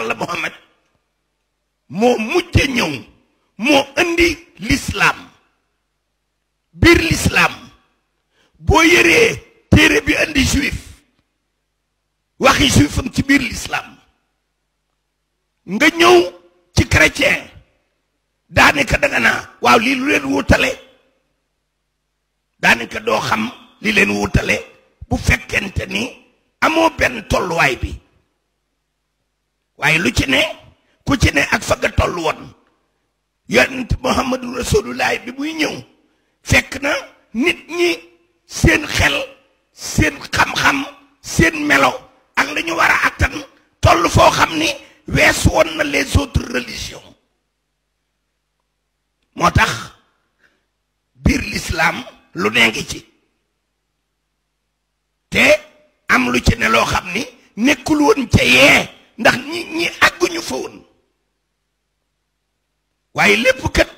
yàlla Muhammad moo mujj ñëw moo indi lislaam biir lislaam boo yëree téere bi indi juif waxi juifam ci biir lislaam nga ñëw ci chrétien daanaka da nga naa waaw lii lu leen wutale daanaka doo xam li leen wutale bu fekkente ni amoo benn tolluwaay bi waaye lu ci ne ku ci ne ak fa nga woon yonent muhammadu rasulullahi bi muy ñëw fekk na nit ñi seen xel seen xam-xam seen melo ak la ñu war a attan toll foo xam ni wees woon na les autres religions moo tax biir lislaam lu ne ngi ci te am lu ci ne xam ni nekkul woon ca yee ndax ñi ñi àgguñu fa woon waaye lépp kat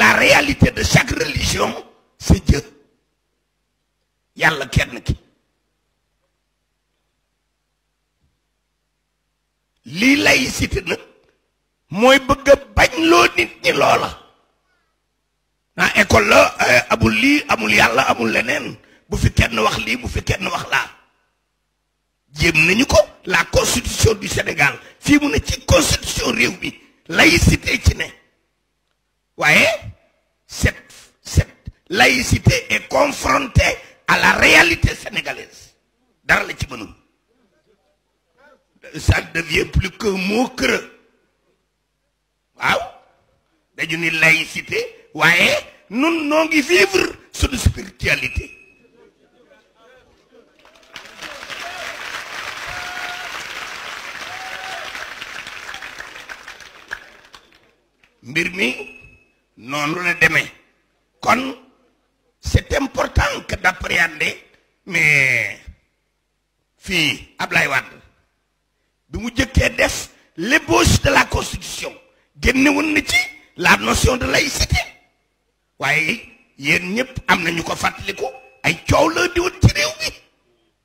la réalité de chaque religion c'est Dieu yàlla kenn ki lii laïcité nag mooy bëgg a bañ loo nit ñi loola naa école la euh, amul lii amul yàlla amul leneen bu fi kenn wax lii bu fi kenn wax laa jéem nañu ko la constitution du Sénégal fii mu ne ci constitution réew bi laïcité ci ne waaye cette cette laïcité est confrontée à la réalité sénégalaise dara la ci mënul ça devient plus qu'un mot creux waaw dañu ni laïcité waaye nun noo ngi vivre suñu spiritualité mbir mi noonu la deme kon c'est important que d'appréhender mais fii Ablaye Wade bi mu jëkkee def l'ébauche de la constitution génnewoon na ci la notion de laïcité waaye yéen ñëpp am nañu ko fàttaliku ay coow la diwoon ci réew bi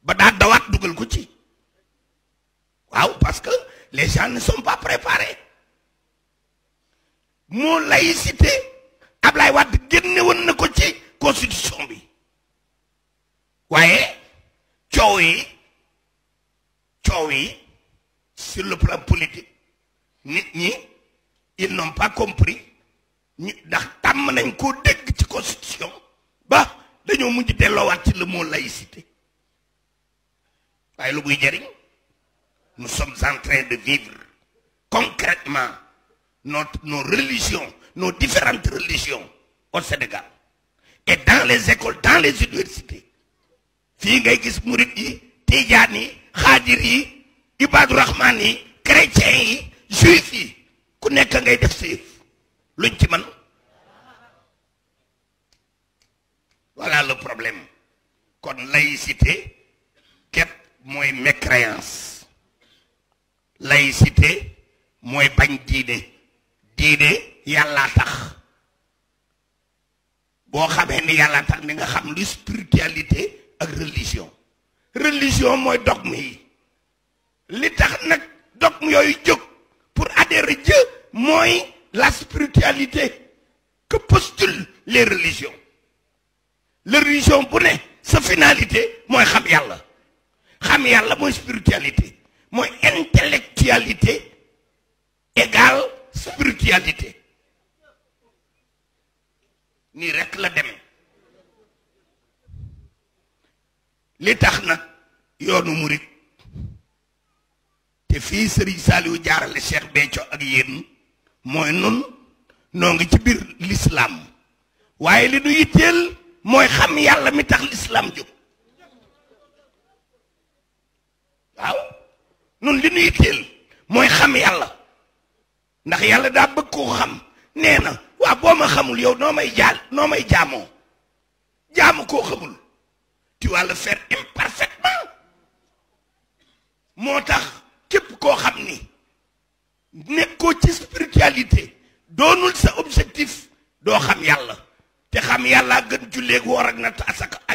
ba daa dawaat dugal ko ci waaw parce que les gens ne sont pas préparés moo laïcité Ablaye Wade génne woon na ko ci constitution bi waaye coow yi coow yi sur le plan politique nit ñi ils n'ont pas compris ndax tàmm nañ koo dégg ci constitution ba dañoo mujj delloowaat ci le mot laïcité waaye lu buy jëriñ nous sommes en train de vivre concrètement notre, nos religions, nos différentes religions au Sénégal. Et dans les écoles, dans les universités. fii ngay gis murit yi tijaan yi xaadir yi ibaadu rahman yi chrétien yi juif yi ku nekk ngay def séef luñ ci mën voilà le problème kon laïcité képp mooy mécréance laïcité mooy bañ diine diine yàllaa tax boo xamee ni yàllaa tax ni nga xam lu spiritualité ak religion religion mooy dogme yi li tax nag dogme yooyu jóg pour adhérer Dieu mooy la spiritualité que postulent les religions les religions bu ne sa finalité mooy xam yàlla xam yàlla mooy spiritualité mooy intellectualité spiritualité nii rekk la deme li tax na yoonu murit te fii Serigne Saliou jaarale Cheikh Béthio ak yéen mooy nun noo ngi ci biir lislaam waaye li nu yitteel mooy xam yàlla mi tax lislaam jóg waaw nun li nu yitteel mooy xam yàlla ndax yàlla daa bëgg koo xam nee na waa boo ma xamul yow noo may jaal noo may jaamoo jaamu koo xamul tu vas le faire imparfaitement moo tax képp koo xam ni nekkoo ci spiritualité doonul sa objectif doo xam yàlla te xam yàllaa gën julleeg woor ak natt asaka